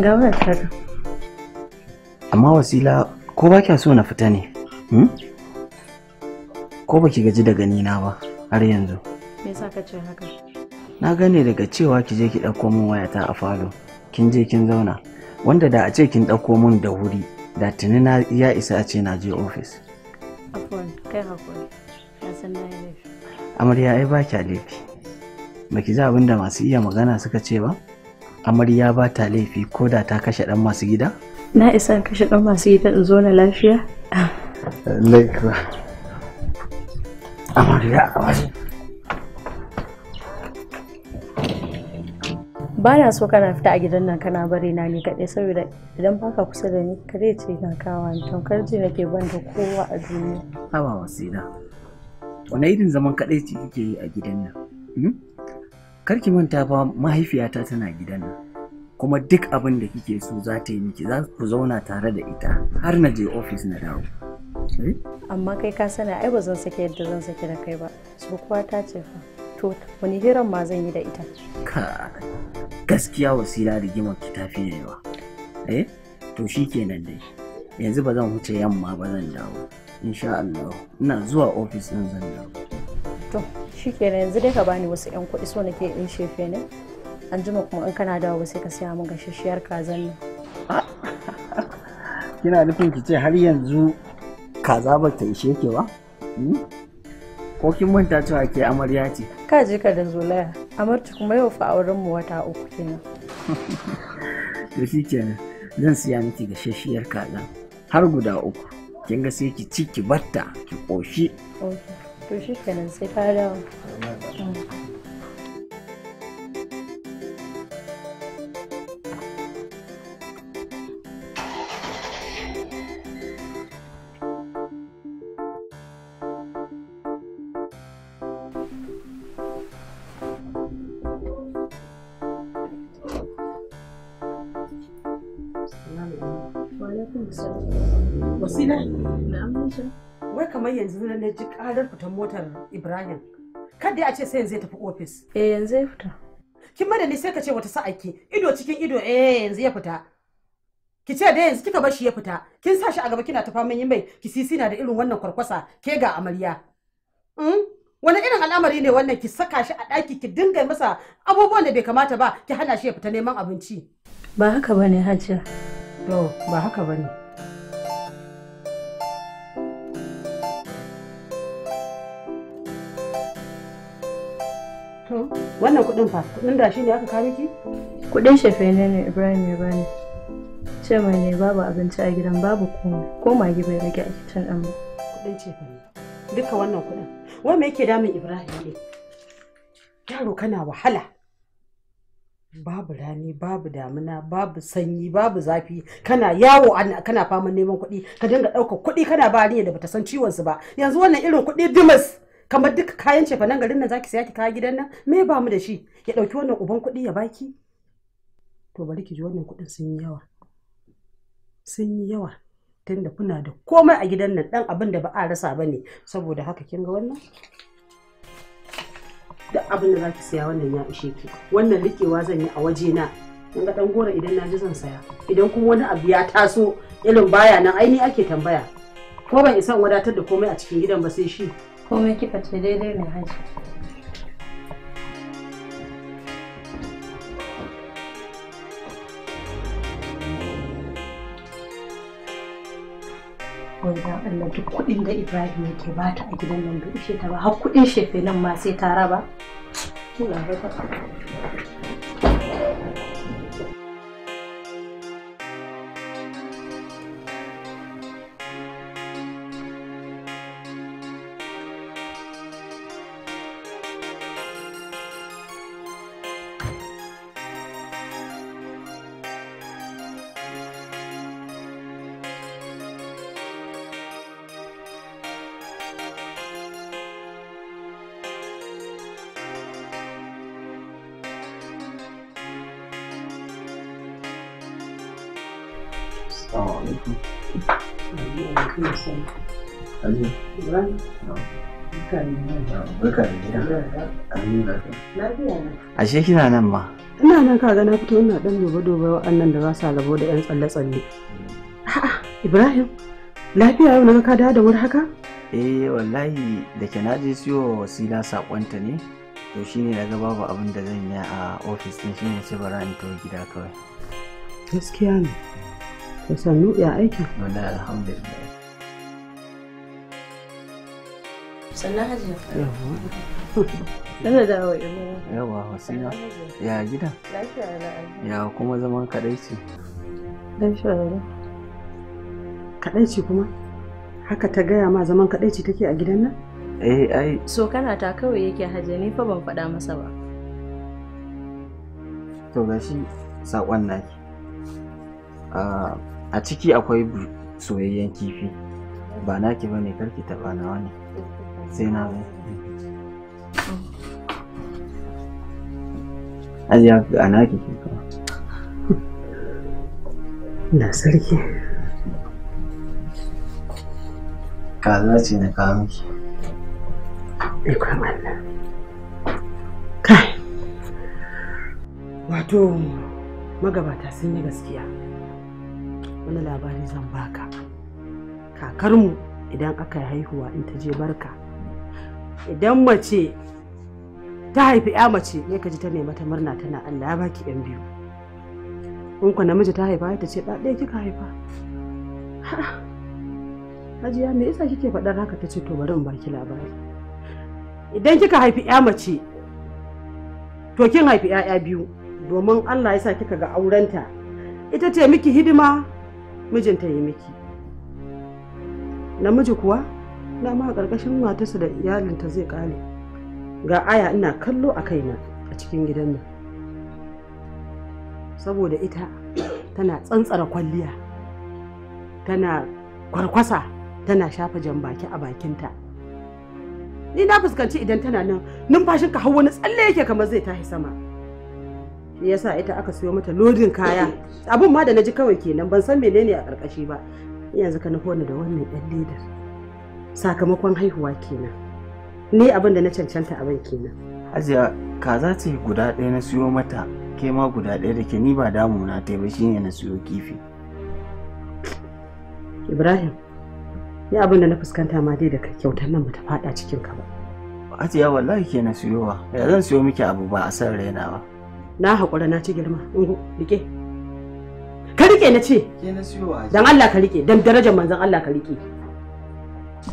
Ga wayar Amma wasila ko ba kya so na fita ne? Hmm? Ko ba ki gaji da ganina ba har yanzu? Me yasa ka ce haka? Na gane daga cewa ki je ki ɗauko min waya ta a falo. Kin je kin zauna. Wanda da a ce kin ɗauko min da wuri da tuni na ya isa a ce na je ofis. Amarya ai ba kya laifi. Baki ji abin da masu iya magana suka ce ba? amarya ba ta laifi ko da ta kashe dan masu gida? na isa kashe dan masu gida in zo na lafiya? laikwa amarya amarya ba na so kana fita a gidan nan kana bari na ni kaɗai saboda idan baka kusa da ni kare ce na kawo ni tamkar ji ke ban da kowa a duniya. Haba wasila, wani irin zaman kaɗai ce kike yi a gidan nan? Hmm? karki manta fa mahaifiyata tana gidan nan kuma duk abin da kike so za ta yi miki za ku zauna tare da ita har na je ofis na dawo eh? amma kai ka sani ai ba zan sake yadda zan sake da kai ba kuwa ta ce fa to wani hiran ma zan yi da ita ka gaskiya wasila rigimar ki ta fi yawa eh to shi kenan dai yanzu ba zan wuce yamma ba zan dawo insha Allah ina zuwa ofis din zan dawo to shikenan yanzu dai ka bani wasu yan kuɗi so nake in shefe ne an jima kuma in kana dawo sai ka siya min gashashiyar kazan ne kina nufin ki ce har yanzu kaza ba ta ishe ke ba hmm? ko kin manta cewa ke amarya ce ka je ka da zulaya amarci kuma yau fa auren mu wata uku kenan to shikenan zan siya miki gashashiyar kaza har guda uku kin ga sai ki ci ki batta ki koshi okay. que j'ai ne to shi kenan sai Voici là. Wasila? Na'am, Wai kamar yanzu na ji karar fitan motar Ibrahim. Kada a ce sai yanzu ya tafi ofis. Eh yanzu ya fita. Kin mada ni sai ka ce wata sa'a ke ido cikin ido eh yanzu ya fita. Ki ce dai yanzu kika bar shi ya fita. Kin sa shi a gaba kina ta faman yin mai ki sisi na da irin wannan kwarkwasa ke ga amarya. Hmm? Wani irin al'amari ne wannan ki saka shi a ɗaki ki dinga masa abubuwan da bai kamata ba ki hana shi ya fita neman abinci. Ba haka bane Hajiya. To ba haka bane. wannan kuɗin fa kuɗin da shi ne aka kawo miki kuɗin shafe ne ne ibrahim ya bani ce mai ne babu abinci a gidan babu komai ko magi bai rage a kicin din ba kudin shafe ne duka wannan kuɗin wai me yake damun ibrahim ne yaro kana wahala babu rani babu damina babu sanyi babu zafi kana yawo kana faman neman kuɗi ka dinga ɗaukar kuɗi kana ba da bata san ciwon su ba yanzu wannan irin kuɗi dimas kamar duk kayan cefa nan garin nan zaki saya ki kaya gidan nan me ba mu da shi ya dauki wannan uban kuɗi ya baki to bari ki ji wannan kuɗin sun yi yawa sun yi yawa tunda kuna da komai a gidan nan dan abin da ba a rasa bane saboda haka kin ga wannan duk abin da zaki saya wannan ya ishe ki wannan likewa zan yi a waje na in ga dan gora idan na ji zan saya idan kuma wani abu ya taso irin baya nan aini ake tambaya ko ban isan wadatar da komai a cikin gidan ba sai shi komai kika ce daidai mai haji Gwanda Allah duk kuɗin da Ibrahim yake bata a gidan nan bai ishe ta ba har kuɗin shefe nan ma sai ta raba. Allah ta. Assalamu na. Ashe kina nan ma. Ina nan kaga na fito ina dan duba duba wa'annan da ba sa rabo da yan tsalle tsalle. A'a Ibrahim. Lafiya yau na ka dawo da wuri haka? Eh wallahi da ke na je siyo wasila sakonta ne. To shine daga babu abin da zan yi a ofis din shine ce bara in to gida kawai. Gaskiya ne. to sannu ya aiki? wallahi alhamdulillah sannan hajiya yawa sannan da hawa yawa wasina ya gida ya kuma zaman kadaici dan shawara kadaici kuma haka ta gaya ma zaman kadaici take a gidan nan eh ai so kana ta kawai yake hajiya ne fa ban faɗa masa ba to gashi saƙon naki a ciki akwai soyayyen kifi ba naki ba ne karki taɓa nawa ne sai na zo ajiya a naki ke kuma na sarki kaza ce na kawo miki ikon Allah kai wato magabata sun yi gaskiya wani labari zan baka kakarmu idan aka yi haihuwa in ta je barka idan mace ta haifi ya mace ne ka ji ta nema ta murna tana Allah ya baki yan biyu in ku namiji ta haifa ta ce ɗaya kika haifa hajiya me yasa kike faɗar haka ta ce to bari in baki labari idan kika haifi ya mace to kin haifi 'ya'ya biyu domin Allah ya sa kika ga aurenta ita ce miki hidima mijinta ya miki namiji kuwa dama a ƙarƙashin matarsa da iyalinta zai ƙare ga aya ina kallo a kaina a cikin gidan nan saboda ita tana tsantsara kwalliya tana kwarkwasa tana shafa jan baki a bakinta ni na fuskanci idan tana nan numfashinka har wani tsalle yake kamar zai tahi sama yasa ita aka siyo mata lodin kaya abun ma da na ji kawai kenan ban san menene a karkashi ba yanzu ka nufo ni da wannan yan ledar sakamakon haihuwa kenan ni abin da na cancanta abin kenan za kaza ce guda ɗaya na siyo mata ke ma guda ɗaya da ke ni ba damuna ta ba shine na siyo kifi ibrahim ni abin da na fuskanta ma dai da kyautar nan ba ta faɗa cikin ka ba Hajiya wallahi ke na siyowa ya zan siyo miki abu ba a san raina ba na haƙura na ci girma ungo rike ka rike na ce dan Allah ka rike dan darajar manzon Allah ka rike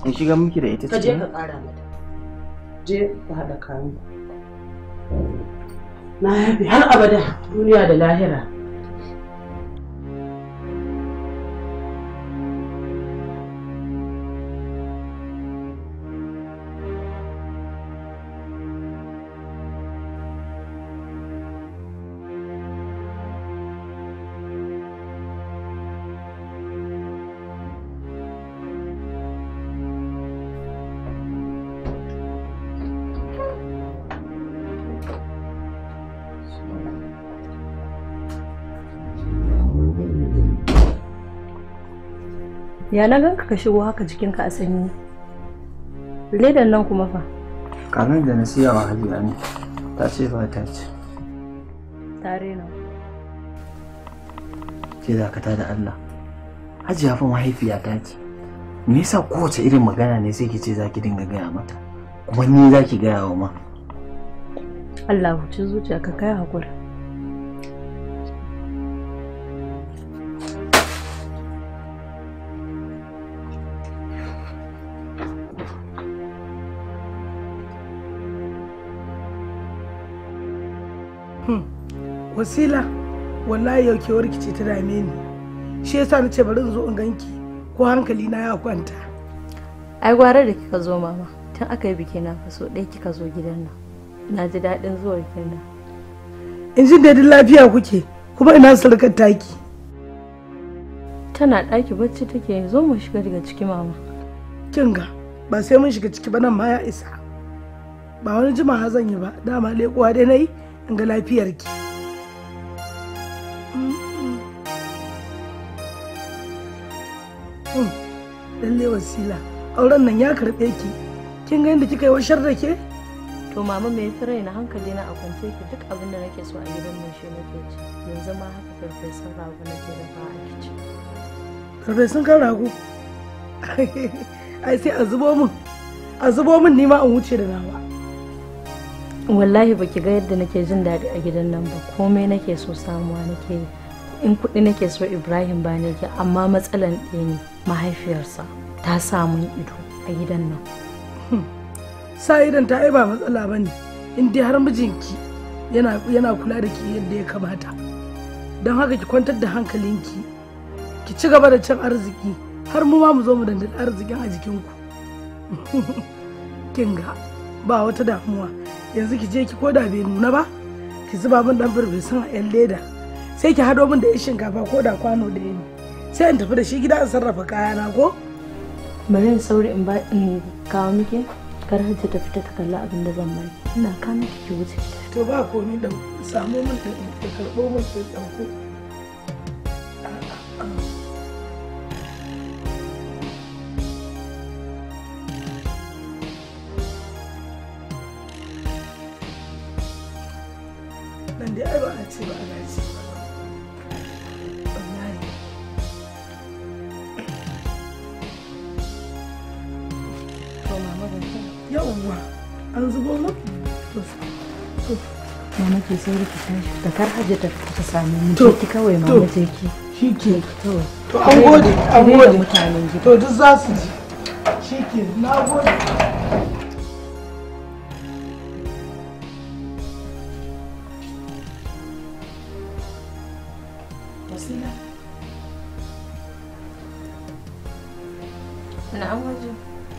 in shiga miki da ita ce ka je ka ƙara mata je ka haɗa kayan na yafi har abada duniya da lahira ya na ganka ka shigo haka jikinka a sanyi ledan nan kuma fa kanan da na siya wa hajiya ne ta ce ba ta ce tare na ke dakata da Allah hajiya fa mahaifiya ta ce me yasa kowace irin magana ne sai ki ce zaki dinga gaya mata kuma ni zaki gaya wa ma Allah huce zuciya ka kai hakuri wasila wallahi yau kewar ki ce ta dame ni shi yasa nace bari in zo in ganki ko hankali na ya kwanta ai gwara da kika zo mama tun aka yi biki na faso dai kika zo gidan nan na ji daɗin zuwa nan in ji da lafiya kuke kuma ina sarkar taki tana ɗaki bacci take zo mu shiga daga ciki mama kin ga ba sai mun shiga ciki ba nan ma ya isa ba wani jimawa zan yi ba dama leƙuwa dai na yi in ga lafiyarki in lalle wasila auren nan ya karɓe ki kin ga yadda kika yi washar da ke to mama me yafi raina hankali na a kwance ki duk abin da nake so a gidan mu shi nake ci yanzu ma haka sun rago nake da ba a kici sun kan rago ai sai a zubo min a zubo min ni ma in wuce da nawa wallahi baki ga yadda nake jin daɗi a gidan nan ba komai nake so samuwa nake yi in kuɗi nake so ibrahim ba ne amma matsalan ɗaya ne mahaifiyarsa ta samun ido a gidan nan hmm. sa idan ta ba matsala ba ne in dai har mijinki yana kula da ki yadda ya kamata don haka ki kwantar da hankalinki ki ci gaba da cin arziki har mu ma mu zo mu dandali arzikin a jikinku kinga ba wata damuwa yanzu ki je ki koda bai nuna ba ki zuba min dan farfesan a yan leda sai ki haɗo min da yin shinkafa ko da kwano da yini sai in tafi da shi gida in sarrafa kayana ko bari in sauri in ba in kawo miki kar hajji ta fita ta kalla abin da zan bari ina ka miki ki wuce to ba ko ni da samu min da ta karɓo min sai ɗauko nan dai ai ba a ce ba a ki sauri ki tashi da kar haje ta samu mu ki kawai ma mu ki shike to to an gode an gode mutanen ji to duk za su ji shike na gode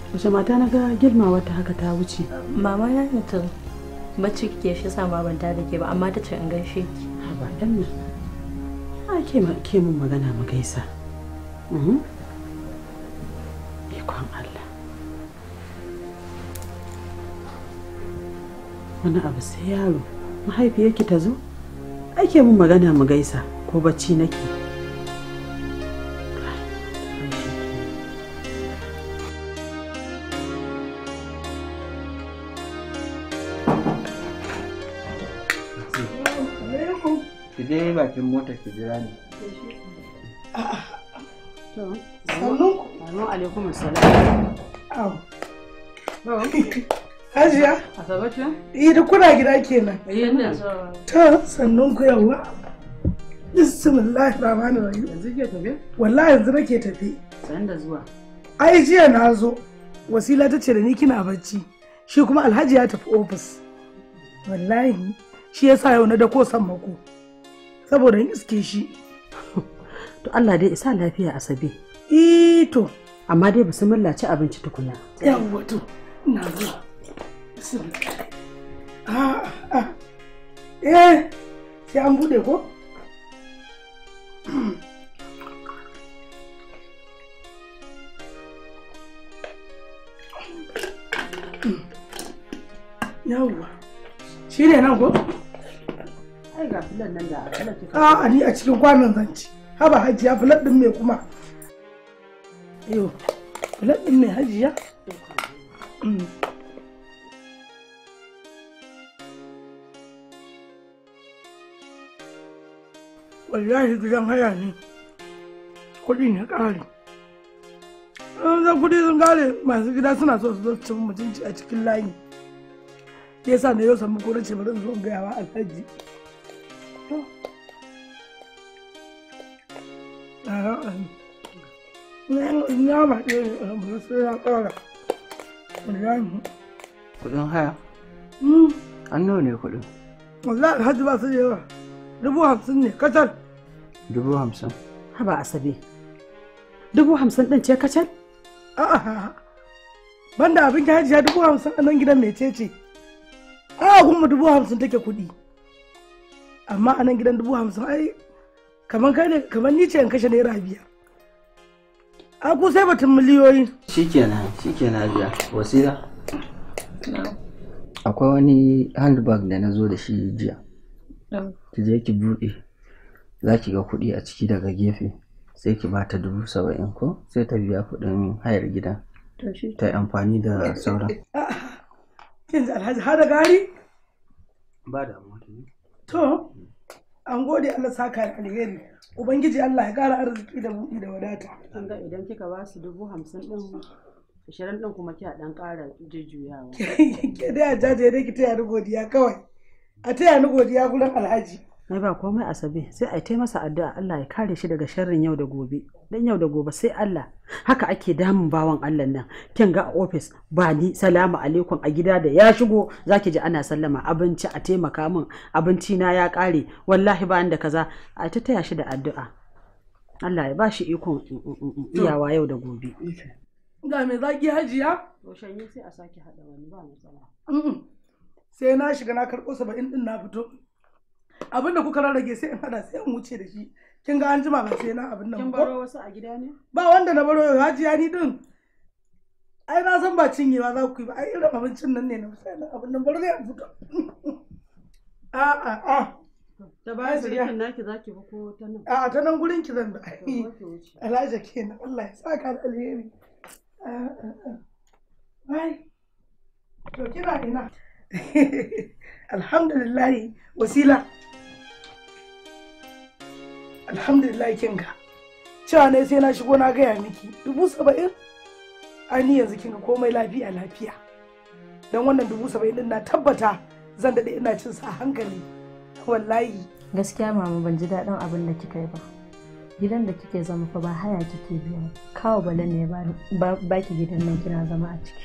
Wace mata na ga girma wata haka ta wuce? Mama ya ne bacci ke shi sa ma ban da ke ba amma ta ce in gaishe ki ba dan nan a ke ma ke mun magana mu gaisa mhm ikon Allah wani abu sai yaro mahaifiyarki ta zo ake mun magana mu gaisa ko bacci nake ki je bakin mota ki jira alaikum da eh, kuna gida kenan. Eh ina To sannun ku yawa. Bismillahir Rahmanir Rahim. Yanzu ke tafi? Wallahi yanzu nake tafi. San da zuwa. Ai jiya na zo. Wasila ta ce da ni kina bacci. Shi kuma Alhaji ya tafi ofis. Wallahi shi yasa yau na dako san mako. saboda in iske shi to Allah dai isa lafiya asabe sabi to amma dai su ci abinci tukuna yawwa to ina zuwa a a ah, ah. eh sai an bude ko yawwa shi ne nan ko A'a ni a cikin kwanan zan Haba hajiya filat ɗin mai kuma. Yo, filat ɗin mai hajiya? Mm. Wallahi gidan haya ne. Kuɗi na ƙare. Zan kudi sun kare. masu gida suna so su zo cin mutunci a cikin layi. Ya sa na yau samu ko na ce bari in zo in gaya wa alhaji. ya maɗe ne sai ya ƙara wallahi kuɗin haya hmm. an nawa ne kuɗin wallahi alhaji ba su yawa dubu hamsin ne kacal dubu hamsin haba asabe dubu hamsin ɗin ce kacal a'a banda abin ka hajiya dubu hamsin a nan gidan mecece a kuma dubu hamsin take kuɗi amma a nan gidan dubu hamsin ai kamar ni ce in kashe naira biyar a ku sai batun miliyoyi shikenan shikenan biya wasila akwai wani handbag da na zo da shi jiya ki je ki buɗe za ki ga kuɗi a ciki daga gefe sai ki ba ta dubu saba'in ko sai ta biya kuɗin hayar gidan ta yi amfani da sauran ah, har da gari ba da to an gode Allah saka da alheri ubangiji Allah ya kara arziki da buɗi da wadata an ga idan kika ba su dubu hamsin din ashirin din kuma kya dan kara jujjuyawa ke da jaje dai ki taya ni godiya kawai a taya ni godiya gurin alhaji sai ba komai asabe sai a yi taimasa addu'a Allah ya kare shi daga sharrin yau da gobe dan yau da gobe sai Allah haka ake damun bawan Allah nan kin ga ofis office ba ni salamu alaikum a gida da ya shigo zaki ji ana sallama abinci a taimaka min abinci na ya kare wallahi ba da kaza a ta taya shi da addu'a Allah ya ba shi ikon mm, mm, mm, iyawa yau da gobe ga me zaki hajiya to shanye sai a sake hada wani ba matsala sai na shiga na karɓo saba'in din na fito abin da kuka rarrage sai in hada sai in wuce da shi kin ga an jima ba sai na abin nan kin baro wasu a gida ne ba wanda na baro yau hajiya ni din ai na san ba cinye ba za ku yi ba ai irin abincin nan ne na na abin nan baro ne a fito a a a da su rikin naki zaki bi ko ta nan a ta nan gurin ki zan da alhaji kenan Allah ya saka da alheri ai to kina ina alhamdulillah wasila alhamdulillah kinga cewa ne sai na shigo na gaya miki dubu saba'in ani yanzu kinga komai lafiya lafiya don wannan dubu saba'in din na tabbata zan daɗe ina cin sa hankali wallahi gaskiya mama ban ji daɗin abin da kika yi ba gidan da kike zama fa ba haya kike biya kawo bala ne ba ki gidan nan kina zama a ciki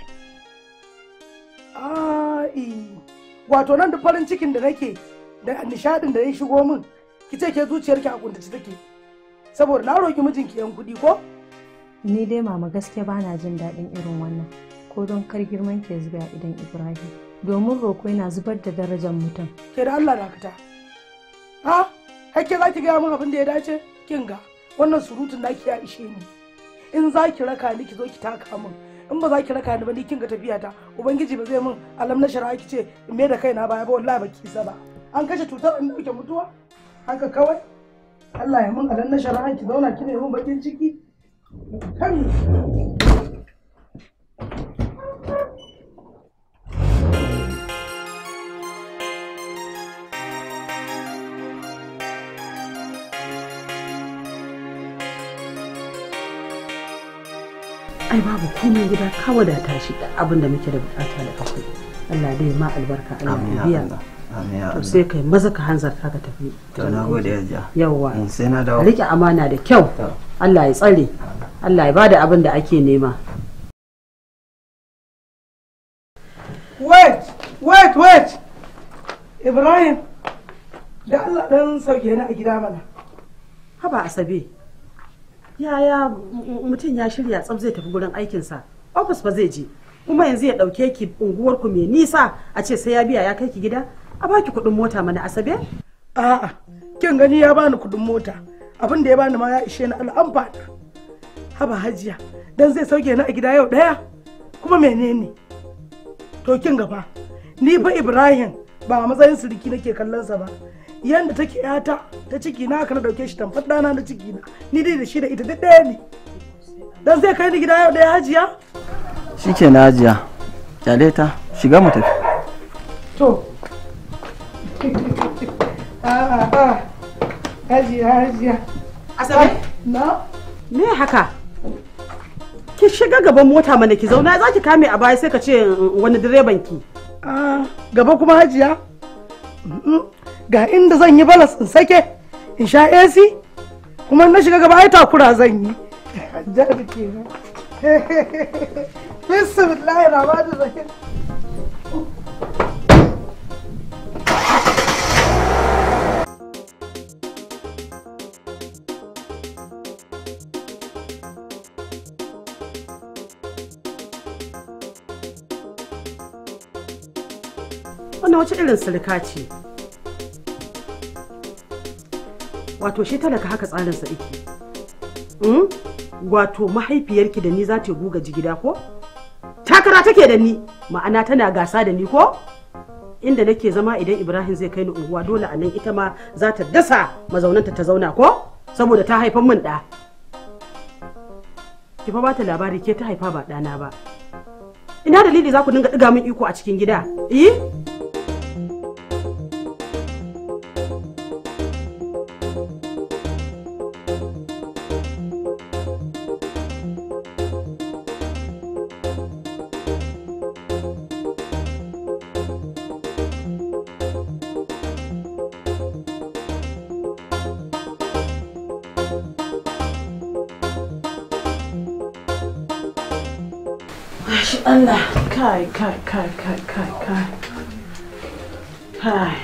ai wato nan da farin cikin da nake da nishadin da ya shigo min ki ce ke zuciyarki a kuntace take saboda na roki mijinki yan kudi ko ni dai mama gaske ba na jin daɗin irin wannan ko don kar girman ke zuba idan ibrahim domin roko yana zubar da darajar mutum ke da allah fita ha hakke za ki gaya min abin da ya dace kin ga wannan surutun naki a ishe ni in za ki raka ni ki zo ki taka min in ba za ki raka ni ba ni kin ga tafiya ta ubangiji ba zai min alam na shari'a ki ce in me da kaina baya ba wallahi ba ki ba an kashe cutar in dauke mutuwa haka kawai Allah ya mun alan na ki zauna ki ne mun bakin ciki ai babu komai gida ka wadata shi da abin da muke da bukata da akwai Allah dai ma albarka Allah ya biya to sai kai maza ka hanzarta ka tafi to na gode mm, amana da kyau Allah ya tsare Allah ya bada abin da ake nema wait wait wait Ibrahim da Allah dan sauke ni a gida mana haba asabe yaya mutum ya shirya tsab zai tafi gurin aikinsa ofis ba zai je kuma yanzu ya dauke ki unguwarku mai nisa a ce sai ya biya ya kai ki gida a baki kuɗin mota mana asabe a'a kin gani ya bani kuɗin mota abin da ya bani ma ya ishe ni al'amfana haba hajiya dan zai sauke ni a gida yau ɗaya kuma menene to kin gaba ni fa ibrahim ba a matsayin siriki nake kallon sa ba yanda take yata ta ciki na kana dauke shi tamfar dana na ciki na ni dai da shi da ita duk ne dan zai kai ni gida yau ɗaya hajiya shike na hajiya kyale ta shiga mu tafi to Ah, ah, ah. Hajiya, Me haka? Ki shiga gaban mota mana ki zauna za ki kame a baya sai ka ce mm, mm, wani direban ki. Gaba kuma hajiya? Ga inda zan yi balas in sake in sha AC kuma na shiga gaba ai takura zan yi. Hajjar kenan. Bismillahir rahmanir wace irin silka ce wato shi talaka haka tsarinsa ike hmm? wato mahaifiyarki da ni za ta guga jigida ko takara take da ni ma'ana tana gasa da ni ko inda nake zama idan ibrahim zai kai ni unguwa dole a nan ita ma za ta dasa mazaunanta ta zauna ko saboda ta haifan min ɗa ki fa bata labari ke ta haifa ba ɗana ba ina dalili za ku dinga ɗiga min iko a cikin gida eh shi Allah kai kai kai kai kai kai kai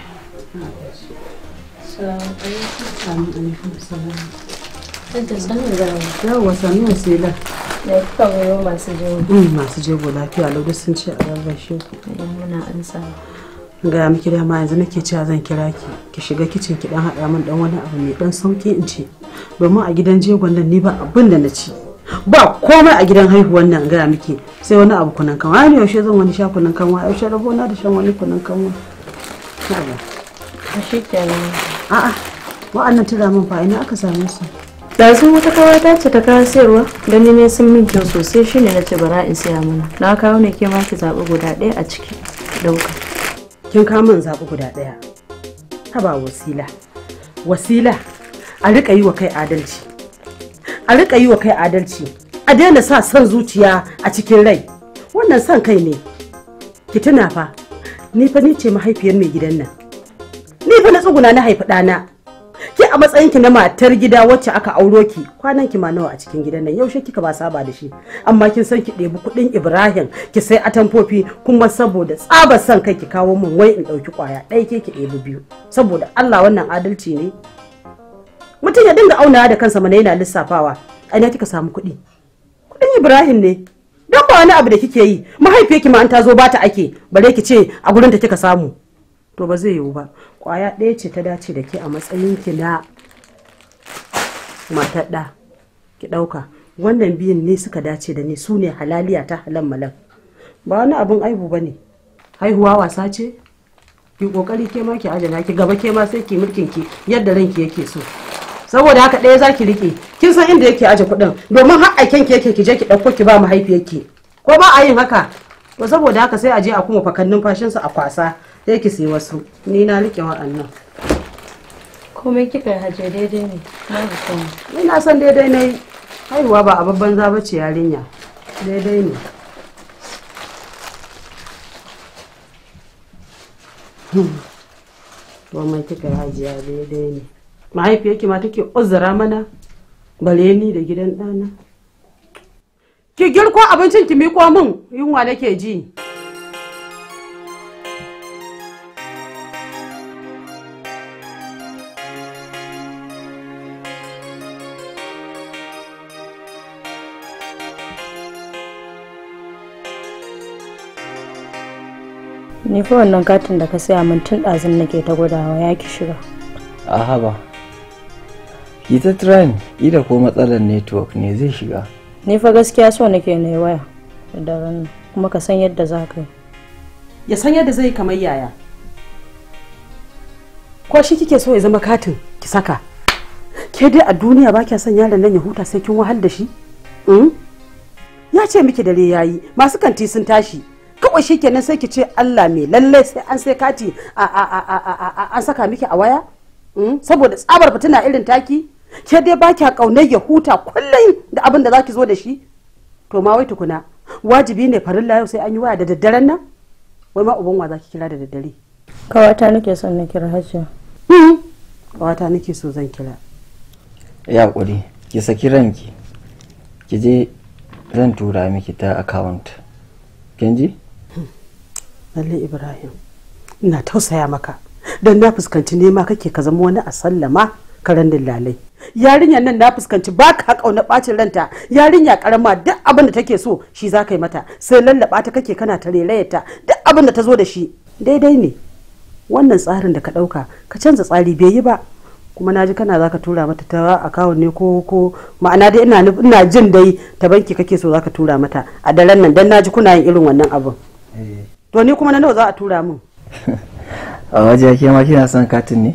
da kuka goyo masu jego mm, masu jego lafiya lauda sun ce a rarrashe idan muna an gaya miki dama yanzu nake cewa zan kira ki ki shiga kicin ki dan haɗa min dan wani abu mai dan sauki in ce domin a gidan jego nan ni ba abin da na ci ba komai a gidan haihuwan nan gaya miki sai wani abu kunan kanwa wani yaushe zan wani sha kunan kanwa yaushe rabo na da shan wani kunan kanwa kaga a a a wa'annan tura min fa ina aka same su yanzu wata kawata ce ta kawo sayarwa don ne sun min kyau sosai shine na ce bara in siya mana na kawo ne ke ma ki zaɓi guda ɗaya a ciki ɗauka kin kawo min zaɓi guda ɗaya ba wasila wasila a riƙa yi wa kai adalci a riƙa yi wa kai adalci a daina sa son zuciya a cikin rai wannan son kai ne ki tuna fa ni fa ni ce mahaifiyar mai gidan nan ni fa na tsuguna na haifi ɗana ki a matsayin ki na matar gida wacce aka auro ki kwanan ki ma nawa a cikin gidan nan yaushe kika ba saba da shi amma kin san ki ɗebi kuɗin Ibrahim ki sai atamfofi kuma saboda tsaba san kai ki kawo min wai in ɗauki kwaya ɗaya ke ki ɗebi biyu saboda Allah wannan adalci ne mutum ya dinga aunawa da kansa mana yana lissafawa a ina kika samu kuɗi ɗan ibrahim ne dan ba wani abu da kike yi mahaifiyarki ma an ta zo ba ta ake bare ki ce a gurin ta kika samu to ba zai yiwu ba kwaya ɗaya ce ta dace da ke a matsayin ki na matar ki ɗauka wannan biyun ne suka dace da ni su ne halaliya ta halan malam ba wani abin aibu ba ne haihuwa wasa ce ki kokari ke ma ki ajana ki gaba ke ma sai ki mulkin ki yadda ranki yake so saboda haka ɗaya zaki rike kin san inda yake aje kuɗin domin har aiken ki yake ki je ki ɗauko ki ba mahaifiyarki ko ba a yin haka to saboda haka sai a je a kuma fakannin fashin su a kwasa sai ki sai wasu ni na rike wa'annan komai kika haje daidai ne ni na san daidai ne haihuwa ba a babban zaba ce yarinya daidai ne to hmm. mai kika hajiya daidai ne mahaifiyarki ma take uzura mana bare da gidan ɗana ki girko abincin ki miko min yunwa nake ji ni fa wannan katin da ka saya mun tun ɗazun nake ta gudawa ya ki shiga a haba ita ta ita ko matsalar network ne zai shiga ni fa gaskiya so nake ne waya da ran kuma ka san yadda za ka ya san yadda zai kamar yaya ko shi kike so ya zama katin ki saka ke dai a duniya ba kya son yaron nan ya huta sai kin wahal da shi hmm? ya ce miki dare yayi masu kanti sun tashi kawai kenan sai ki ce Allah mai lalle sai an sai kati a-a-a an saka miki a waya hmm? saboda tsabar fitina irin taki ke dai ba kya kaunar ya huta kullum da abin da zaki zo da shi to ma wai tukuna wajibi ne farin layo sai an yi waya da daddaren nan wai ma uban wa zaki kira da daddare kawata nake son na kira hajjia hmm, kawata nake so zan kira ya hakuri ki saki ranki ki je zan tura miki ta account kin ji hmm. lalle ibrahim ina tausaya maka don na fuskanci nema kake ka zama wani a sallama karen dillalai yarinyar nan na fuskanci ba ka na bacin ranta yarinya karama duk abin da take so shi za ka yi mata sai lallaba ta kake kana ta relayarta duk abin da ta zo da shi daidai ne wannan tsarin da ka ɗauka ka canza tsari bai yi ba kuma na ji kana za ka tura mata ta akawun ne ko ko ma'ana dai ina ina jin dai ta banki kake so za ka tura mata a daren nan dan na ji kuna yin irin wannan abin eh. to ni kuma na nawa za a tura min a waje ke ma kina son katin ne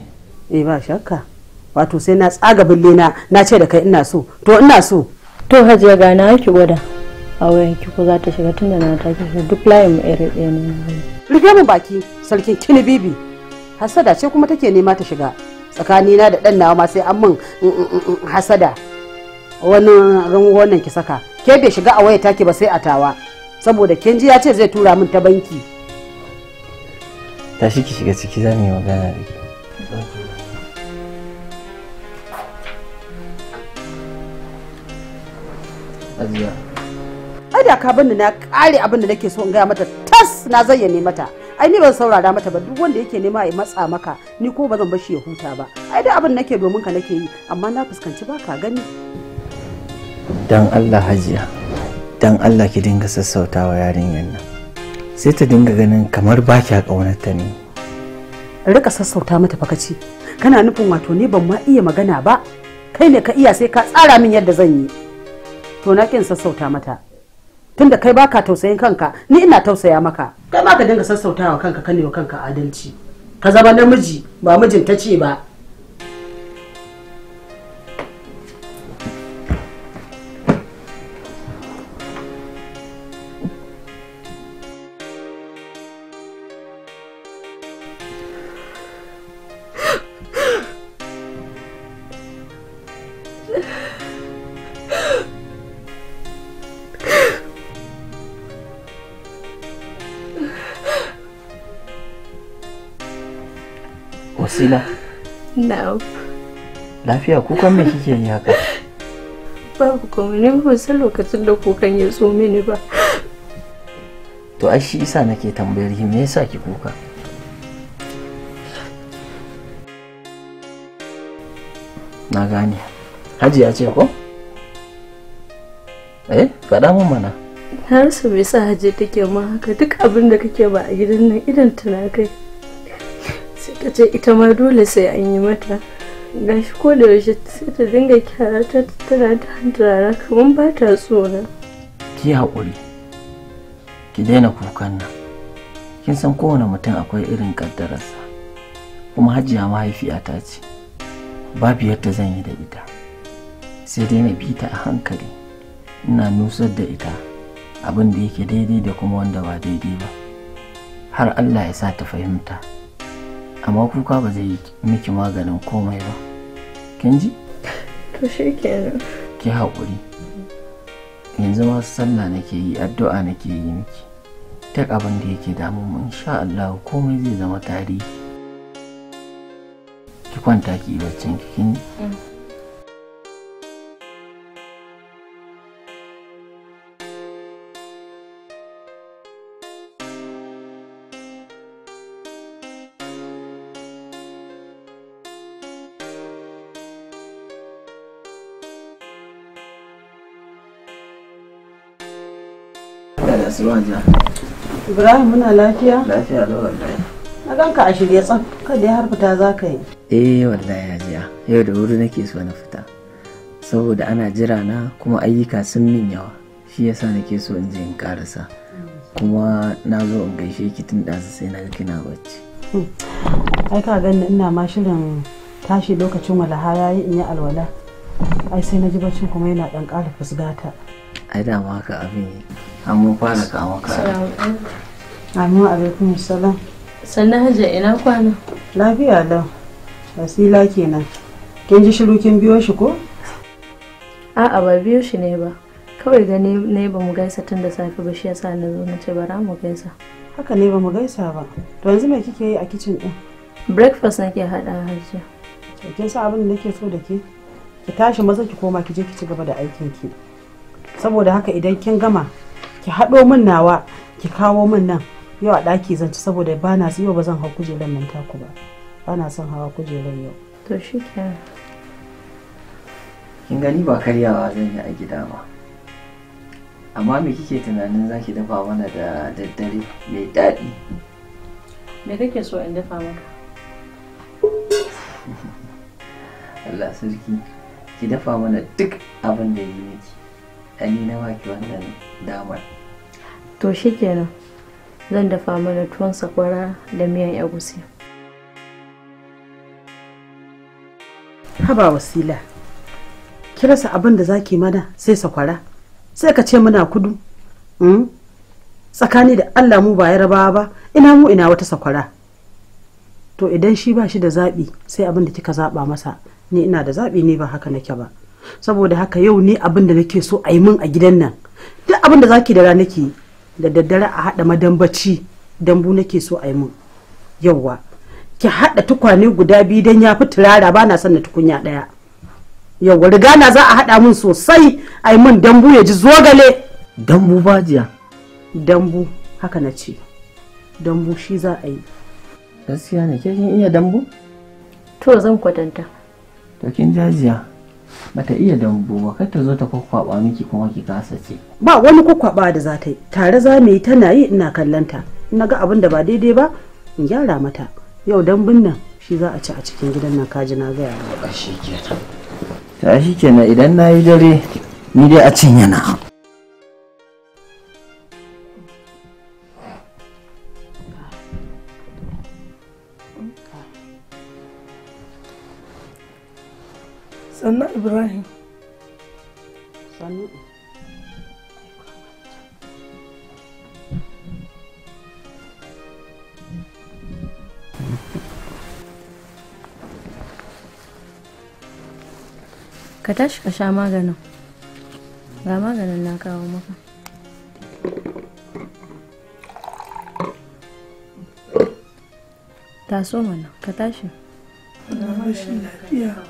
eh ba shakka wato sai na tsaga bille na na ce da kai ina so to ina so to hajiya ga na ki gwada a wayan ki ko za ta shiga tunda na ta ki duk layin mu ere ɗaya ne rige mu baki sarkin kini bibi hasada ce kuma take nema ta shiga tsakanina da dan nawa ma sai an min mm, mm, mm, hasada wani wannan ki saka ke bai shiga a waya take ba sai a tawa saboda kenji ya ce zai tura min ta banki tashi ki shiga ciki za mu yi magana da ke Ajiya. Ai da ka bani na kare abin da nake so in gaya mata tas na zayyane mata. Ai ni ban saurara mata ba duk wanda yake nema ya matsa maka ni ko ba zan bar shi ya huta ba. Ai da abin nake domin ka nake yi amma na fuskanci ba ka gani. Dan Allah Hajiya. Dan Allah ki dinga sassautawa yarinyar nan. Sai ta dinga ganin kamar ba kya ƙaunarta ne. Rika sassauta mata fakaci. Kana nufin wato ne ban ma iya magana ba. Kai ne ka iya sai ka tsara min yadda zan yi. to na kin sassauta mata tunda kai baka tausayin kanka ni ina tausaya maka kai baka ka dinga sassautawa kanka kanewa kanka adalci ka zama namiji ba mijin ta ce ba Lafiya kukan me kike yi haka? Babu komai ne san lokacin da kukan ya zo mini ba. To ai shi isa nake tambayar ki me yasa ki kuka? Na gane. ya ce ko? Eh, faɗa mun mana. har su bai sa haji take ma haka duk abin da kake ba a gidan nan idan tana kai sai ta ce ita ma dole sai an yi mata ga shi ko da yaushe sai ta dinga ta tana ta hantarara kamar ba ta tsona. ki haƙuri ki daina kukan nan kin san kowane mutum akwai irin ƙaddararsa kuma hajiya mahaifiyata ce babu yadda zan yi da ita sai dai na bi ta a hankali ina nusar da ita abin da yake daidai da kuma wanda ba daidai ba har allah ya sa ta fahimta amma kuka ba zai yi miki maganin komai ba kin ji shi ki haƙuri yanzu ma sallah nake yi addu'a nake yi miki duk abin da yake damu mu insha Allah komai zai zama tarihi ki kwanta ki yi baccin ki kin barka da Ibrahim muna lafiya? Lafiya lau wallahi. Na ganka a shirye tsaf, kada har fita za ka yi. Eh wallahi jiya yau da wuri nake so na fita. Saboda ana jira na kuma ayyuka sun min yawa. Shi yasa nake so in je in karasa. Kuma na zo in gaishe ki tun ɗazu sai na ga kina bacci. Ai ka ganin ina ma shirin tashi lokacin walaha yayi in yi alwala. Ai sai na ji baccin kuma yana ɗan ƙara fusgata. Ai dama haka abin yi. amma fara kama kara amma alaikum salam sannan hajiya ina kwana lafiya lau wasila kenan kin ji shiru kin biyo shi ko a'a ba biyo shi ne ba kawai gani ne ba mu gaisa tun da safe ba shi yasa na zo na ce bara mu gaisa haka ne ba mu gaisa ba to yanzu me kike yi a kicin din breakfast nake hada hajiya kin sa abin da nake so da ke ki tashi maza ki koma ki je ki ci gaba da aikin ki saboda haka idan kin gama ki haɗo min nawa ki kawo min nan yau a ɗaki zan ci saboda ba na yau ba zan hau kujerar nan taku ba ba na son hawa kujerar yau to shi kin gani ba karyawa zan yi a gida ba amma me kike tunanin zaki dafa mana da daddare mai daɗi me kake so in dafa maka Allah sarki ki dafa mana duk abin da yi miki ani na ki wannan damar to shikenan zan dafa mana tuwon sakwara da miyan egusi haba wasila ki rasa abin da zaki mana sai sakwara sai ka ce muna kudu hmm? tsakani da allah mu ba yarabawa ba ina mu ina wata sakwara to idan shi ba shi da zaɓi sai abin da kika zaɓa masa ni ina da zaɓi ne ba haka nake ba saboda haka yau ne abin da nake so a yi min a gidan nan duk abin da zaki da rana ke da daddare a haɗa madambaci dambu nake so a yi mun yawwa ki haɗa tukwane guda biyu don ya fi turara ba na son na tukunya ɗaya yawwa riga na za a haɗa mun sosai a yi mun dambu ya ji zogale dambu bajiya dambu haka na ce dambu shi za a yi gaskiya ne ke kin iya dambu to zan kwatanta to kin jajiya bata iya dambu ba kar ta zo ta kwakwaba miki kuma ki kasa ce ba wani kwakwaba da za ta yi tare za mu yi tana yi ina kallon ta na ga abin da ba daidai ba in gyara mata yau dambun nan shi za a ci a cikin gidan nan kaji na gaya ba shi kenan ta shi kenan idan nayi dare ni dai a cin yana sannan ibrahim sannu ka tashi ka sha maganin ga maganin na kawo maka taso mana ka tashi na mashi lafiya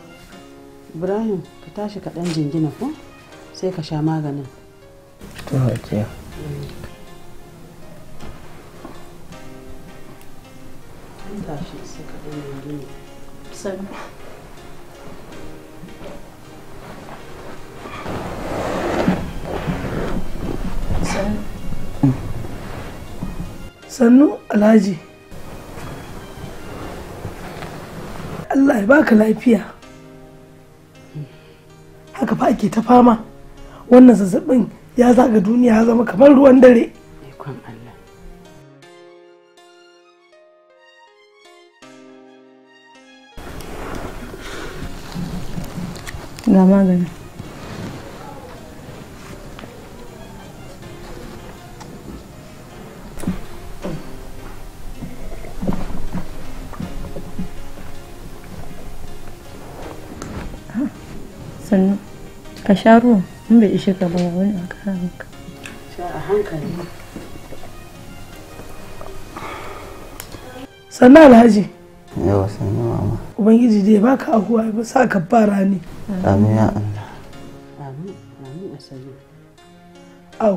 ibrahim ka tashi ka dan jingina ko sai ka sha maganin sannu alhaji Allah ya baka lafiya fa ake ta fama wannan zazzabin ya zaga duniya ya zama kamar ruwan dare ga magani ka sha ruwan in bai ishe ka ba wani a kara maka sannan alhaji yawa sannan mama ubangiji dai ka ahuwa ba sa ka fara ne amin ya allah au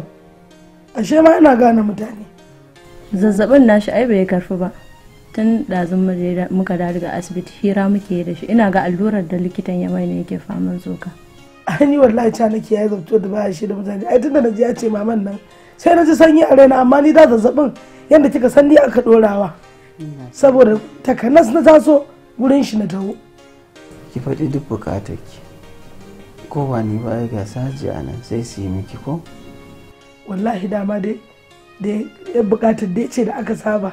ashe ma ina gane mutane zazzabin nashi ai bai karfi ba tun ɗazun muka da daga asibiti hira muke da shi ina ga allurar da likitan ya mai ne yake faman tsoka ni wallahi ca nake ya zabto da baya shi da mutane ai tunda na ji ya ce maman nan sai na ji sanyi a raina amma ni da zazzabin yadda kika san ni aka dorawa saboda takanas na taso gurin shi na taho ki faɗi duk bukatar ki ko ba ni ba ga saji a nan sai su yi miki ko wallahi dama dai da ya bukatar da ce da aka saba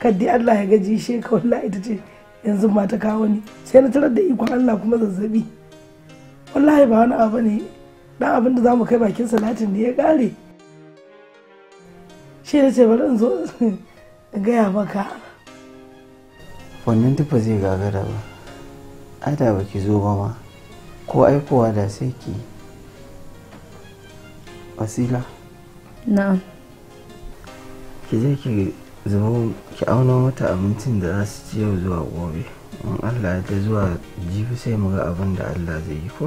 kaddi Allah ya gaji shi ka wallahi ita ce yanzu ma ta kawo ni sai na tarar da ikon Allah kuma zazzabi wallahi ba wani abu ne dan abin da za mu kai bakin salatin ne ya kare shi ne ce bari in zo in gaya maka wannan tufa zai gagara ba ai da ba ki zo ba ma ko aikowa da sai ki wasila na'am ki je ki zubo ki auna mata abincin da za su ci yau zuwa gobe in allah da zuwa jibi sai mu ga abin da allah zai yi ko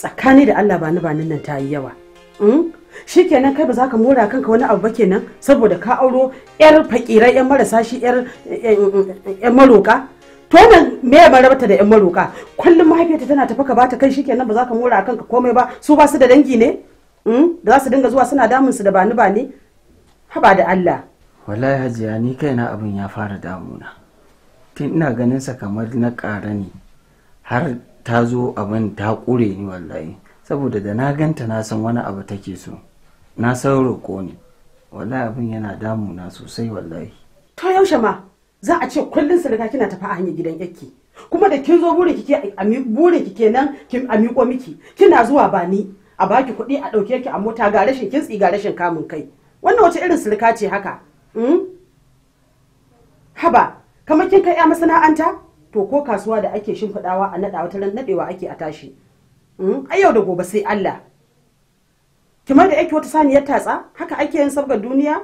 tsakani da Allah bani ba nan ta yi yawa hmm? shi kenan kai ba za ka mora kanka wani abu ba kenan saboda ka auro yar fakira yan marasa shi yar maroka to nan me ya rabata da yan maroka kullum mahaifiyarta tana tafi ka bata kai shikenan ba za ka mora kanka komai ba su ba su da dangi ne da hmm? za su dinga zuwa suna damun su da bani bani haba da Allah wallahi hajiya ni kaina abin ya fara damuna tun ina ganin sa kamar na ƙara ne har ta zo abin ta ƙure ni wallahi saboda da na ganta na san wani abu take so na san roƙo ne wallahi abin yana damuna sosai wallahi to yaushe ma za a ce kullum sadaka kina tafi a hanyar gidan yake kuma da kin zo burin kike a burin kike nan kin a miƙo miki kina zuwa ba ni a baki kuɗi a ɗauke ki a mota ga rashin kintsi ga rashin kamun kai wannan wace irin sulka ce haka hmm? haba kamar kin kai ya masana'anta to ko kasuwa da ake shimfiɗawa a naɗa wata ran naɗewa ake a tashi hmm? a yau da gobe sai Allah kamar da yake wata saniyar tatsa haka ake yin sabgar duniya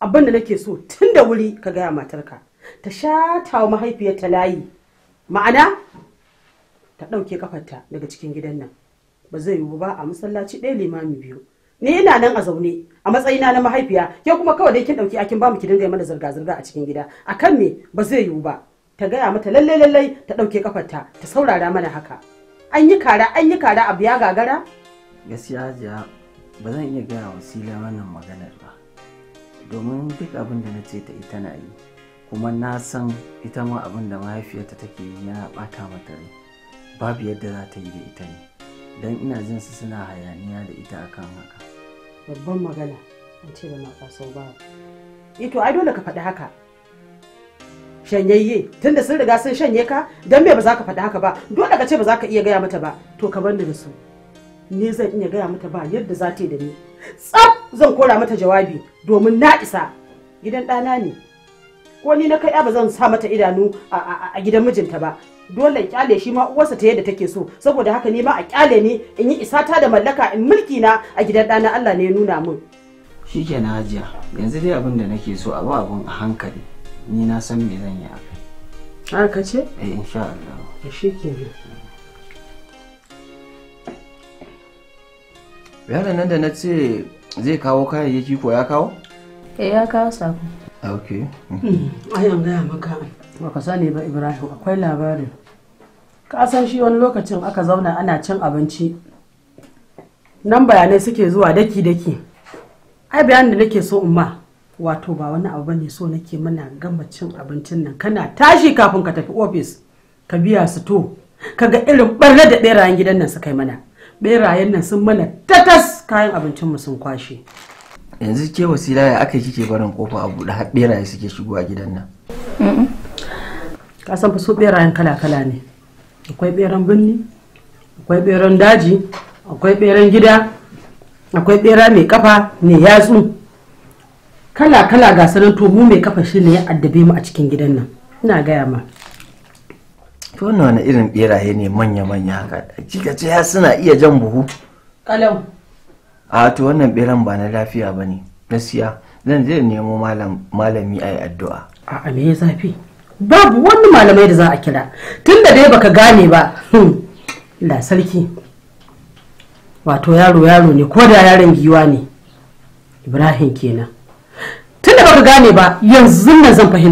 abin da nake so tun da wuri ka gaya matarka ta shata wa mahaifiyar ta layi ma'ana ta ɗauke kafarta daga cikin gidan nan ba zai yiwu ba a masallaci ɗaya limami biyu ni ina nan a zaune a matsayina na mahaifiya ke kuma kawai dai kin ɗauki akin ba mu ki dinga mana zirga-zirga a cikin gida akan me ba zai yiwu ba ta gaya mata lallai lallai ta ɗauke kafarta ta saurara mana haka an yi kara an yi kara abu ya gagara gaskiya jiya ba zan iya gaya wasila wannan maganar ba domin duk abin da na ce ta ita na yi kuma na san ita ma abin da mahaifiyarta take yi yana ɓata mata rai babu yadda za ta yi da ita ne don ina jin su suna hayaniya da ita akan haka babban magana an ce da ma kasau ba ito eh to ai dole ka faɗi haka shanyayye tunda sun riga sun shanye ka dan me ba za ka faɗi haka ba dole ka ce ba za ka iya gaya mata ba to ka bar ni da su ni zan iya gaya mata ba yadda za ta yi da ni tsaf zan kora mata jawabi domin na isa gidan ɗana ne ko ni na kai ba zan sa mata idanu a gidan mijinta ba dole kyale shi ma uwarsa ta yadda take so saboda haka ni ma a kyale ni in yi isa ta da mallaka in mulki na a gidan ɗana Allah ne ya nuna min shikenan hajiya yanzu dai abin da nake so a ba abun a hankali ni na san me zan yi a kai har ka ce eh insha Allah shi ke yaron nan da na ce zai kawo kayayyaki ko ya kawo eh ya kawo sako ok hmm. ai an gaya maka ba ka sani ba ibrahim akwai labarin ka san shi wani lokacin aka zauna ana cin abinci nan bayanai suke zuwa daki-daki ai bayanin da nake so umma wato ba wani abu ne so nake mana gama cin abincin nan kana tashi kafin ka tafi ofis ka biya su to kaga irin barna da berayen gidan nan suka yi mana berayen nan sun mana tatas kayan abincin mu sun kwashe yanzu ke wasila ya aka kike barin kofa a buɗe har ɓeraye suke shigowa gidan nan ka san so berayen kala-kala ne akwai beran birni akwai ɓeran daji akwai beran gida akwai ɓera mai kafa mai yatsu kala kala ga sanan to mai kafa shi ne ya addabe mu a cikin gidan nan ina gaya ma to wani irin beraye ne manya manya haka kika ce suna iya jan buhu kalau a to wannan beran ba na lafiya bane gaskiya zan je nemo malami a yi addu'a a'a me ya zafi babu wani malamai da za a kira tunda dai baka gane ba la hmm. sarki wato yaro yaro ne ko da yaron giwa ne ibrahim kenan tun da baka gane ba yanzu nan zan fahimta